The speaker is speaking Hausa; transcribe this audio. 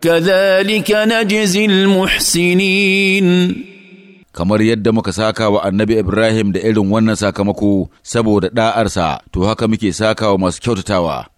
كذلك نجزي المحسنين kamar yadda muka saka wa annabi Ibrahim da irin wannan sakamako saboda da'arsa to haka muke saka wa masu kyautatawa